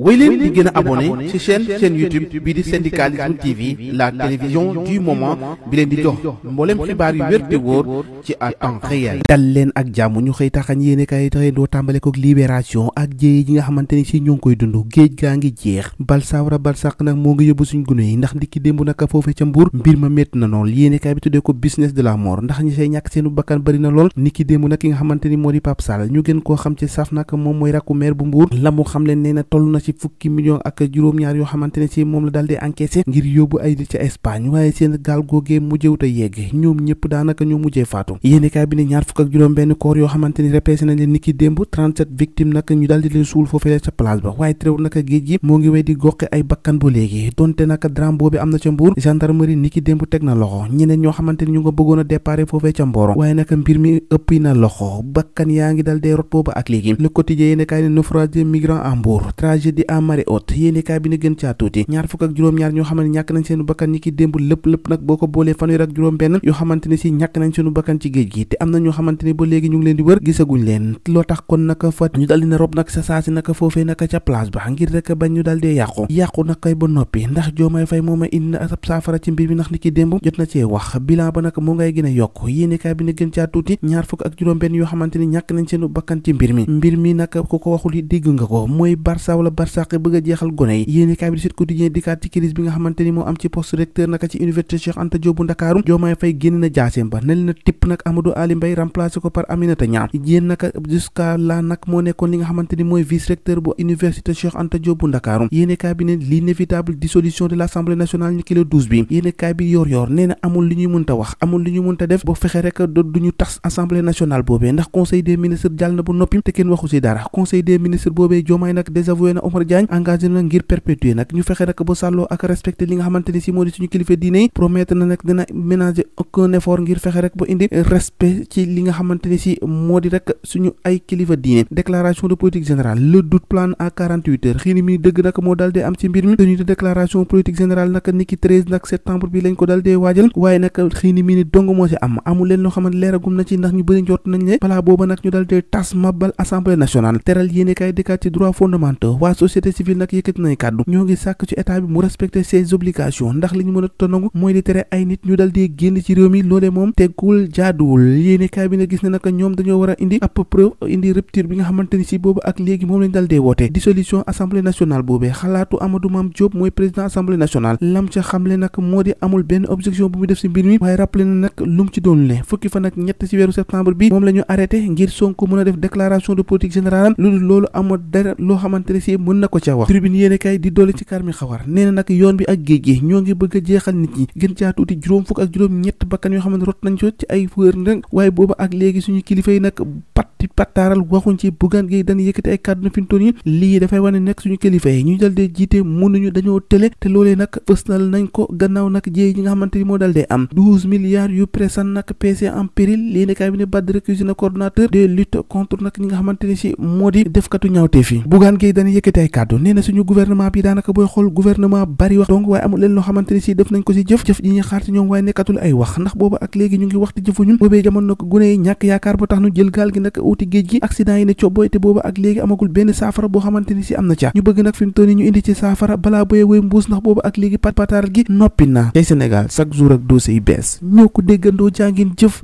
wéy leen di gën a abonné ci chaîne chaîne YouTube bi di syndicalisme TV la télévision du moment bi leen di jox mboolem xibaar yu wér te wóor ci à temps réel. dal leen ak jàmm ñu xëy taxañ yéene kay doo tàmbale kook ak jéye ji nga xamante ni si ñoo ngi koy dund géej gaa ngi jeex balsaawara balsàq nag moo ngi yóbbu suñ gune yi ndax ndikki démb naka foofe ca mbuur mbir ma métti na nool yéene kay bi tuddee ko business de la mort ndax ñi say ñàkk seenu bakkan na ki nga xamante ni moo di Pape Sall ñu gën koo xam ci saf nag na toll ci fukki million ak juróom-ñaar yoo xamante ne si moom la daal di encaissé ngir yóbbu ay nit ca Espagne waaye seen gaal googee mujjewut a yegg ñoom ñëpp daanaka ñoo mujjee faatu yéenekaay ne niki démb 37 victimes nag ñu daal suul foofee ca place ba waaye terew naka géej gi moo ngi wey di goqe ay bakkan ba léegi donte naka drame boobi am na ca Mbuur gendarmerie niki démb teg na loxo ñeneen ñoo xamante ñu nga bëggoon a foofee ca di à marée haute yéenekaay bi ne gën caa tuuti ñaar fukk ak juróom-ñaar ñoo xam ne ñàkk nañ seenu bakkan ni ki démb lépp lépp nag boo ko boolee yoo ci mbir mi ni ki démb jot na cee wax bilan ba nag moo ngay a mbir mi mbir ku ko waxul dégg nga ko mooy Barça wala barsàq bëgg jeexal gone yi yéeni bi di Sud Quotidien dikkaat ci crise bi nga xamante moo am ci poste recteur naka ci université Cheikh Anta Diop bu Ndakaaru Diomaye Faye ne li nga xamante ni de l'Assemblée nationale ni ki bi yéeni bi yor yor nee na amul li ñuy mënta wax amul li ñu mënta def ba fexe rek duñu tas Assemblée nationale boobee ndax conseil des ministres jàll na bu noppi te kenn waxu ci dara conseil des ministres Omar Diagne engagé na ngir perpétuer nag ñu fexe nag ba sàlloo ak moo di dee am ci mbir mi tenue de déclaration politique générale nag niki 13 septembre bi lañ ko daal dee waajal waaye nag xii ni dong moo si am amul leen loo xamante leeragum na ci ndax ñu bëri njort nañ ne balaa booba nag ñu daal dee tas mabal assemblée nationale teral yéene kaay dikkaat ci droit fondamental société civile nag yëkkati nay kàddu ñoo ngi sàkk ci état bi mu respecter ses obligations ndax li ñu mën a tonangu mooy di tere ay nit ñu dal génn ci réew mi loolee moom teggul jaaduwul yéeni kaay bi nga a indi ab preuve indi rupture bi nga xamante nationale boobee xalaatu Amadou Mame Diop mooy président assemblée nationale lam ca xamle nag moo di amul benn objection bu mu def si mbir mi waaye rappelé na nag lu ci doon ne fukki fan ak ñett si weeru septembre bi moom la ñu ngir mën na ko ca wax tribune yéene kay di doole ci Karmi Khawar nee na nag yoon bi ak géej gi ñoo ngi bëgg jeexal nit ñi gën caa tuuti juróom fukk ak juróom ñett bakkan yoo xam ci yi nag patti pattaaral waxuñ ci buggaan gi dañu yëkkati ay na fintoon yi lii moo dal dee am 12 milliards yu pressan nag PC en péril yéene kay bi ne Badr récuse na coordonnateur de lutte moo di defkatu ñaawtee fi buggaan gi dañu yëkkati yëkkati ay kàddu nee na suñu gouvernement bi daanaka booy xool gouvernement bari donc waaye amul leen loo xamante si def nañ ko si jëf jëf ji ñuy xaar ci ñoom waaye nekkatul ay wax ndax booba ak léegi ñu ngi wax te jëfuñu booba ak léegi amagul benn saafara boo xamante si am na ca ñu bëgg nag fi mu ñu indi ci saafara balaa boye woy mbuus ndax booba ak léegi pataaral gi noppi na tey Sénégal chaque jour ak dossier yu bees ñoo ko déggandoo jàngin jëf